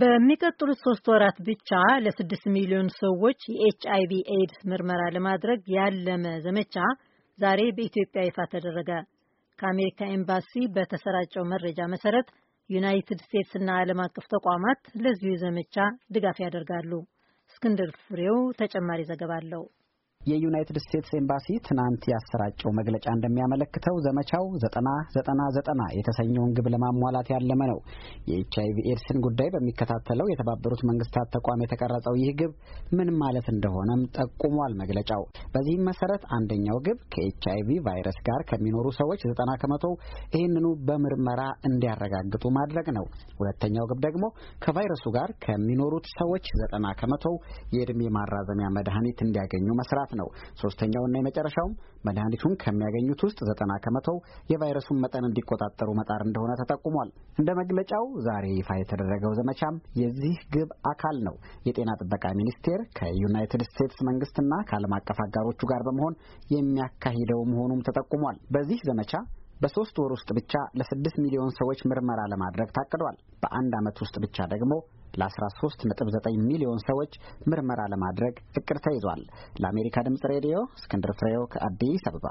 በሚቀጥሉት ሶስት ወራት ብቻ ለስድስት ሚሊዮን ሰዎች የኤች አይ ቪ ኤድስ ምርመራ ለማድረግ ያለመ ዘመቻ ዛሬ በኢትዮጵያ ይፋ ተደረገ። ከአሜሪካ ኤምባሲ በተሰራጨው መረጃ መሰረት ዩናይትድ ስቴትስ እና ዓለም አቀፍ ተቋማት ለዚሁ ዘመቻ ድጋፍ ያደርጋሉ። እስክንድር ፍሬው ተጨማሪ ዘገባ አለው። የዩናይትድ ስቴትስ ኤምባሲ ትናንት ያሰራጨው መግለጫ እንደሚያመለክተው ዘመቻው ዘጠና ዘጠና ዘጠና የተሰኘውን ግብ ለማሟላት ያለመ ነው። የኤች አይቪ ኤድስን ጉዳይ በሚከታተለው የተባበሩት መንግስታት ተቋም የተቀረጸው ይህ ግብ ምን ማለት እንደሆነም ጠቁሟል መግለጫው። በዚህም መሰረት አንደኛው ግብ ከኤች አይቪ ቫይረስ ጋር ከሚኖሩ ሰዎች ዘጠና ከመቶ ይህንኑ በምርመራ እንዲያረጋግጡ ማድረግ ነው። ሁለተኛው ግብ ደግሞ ከቫይረሱ ጋር ከሚኖሩት ሰዎች ዘጠና ከመቶ የእድሜ ማራዘሚያ መድኃኒት እንዲያገኙ መስራት ድጋፍ ነው። ሶስተኛውና የመጨረሻውም መድኃኒቱን ከሚያገኙት ውስጥ ዘጠና ከመቶው የቫይረሱን መጠን እንዲቆጣጠሩ መጣር እንደሆነ ተጠቁሟል። እንደ መግለጫው ዛሬ ይፋ የተደረገው ዘመቻም የዚህ ግብ አካል ነው። የጤና ጥበቃ ሚኒስቴር ከዩናይትድ ስቴትስ መንግስትና ከዓለም አቀፍ አጋሮቹ ጋር በመሆን የሚያካሂደው መሆኑም ተጠቁሟል። በዚህ ዘመቻ በሶስት ወር ውስጥ ብቻ ለስድስት ሚሊዮን ሰዎች ምርመራ ለማድረግ ታቅዷል። በአንድ ዓመት ውስጥ ብቻ ደግሞ ለ13.9 ሚሊዮን ሰዎች ምርመራ ለማድረግ እቅድ ተይዟል። ለአሜሪካ ድምፅ ሬዲዮ እስክንድር ፍሬው ከአዲስ አበባ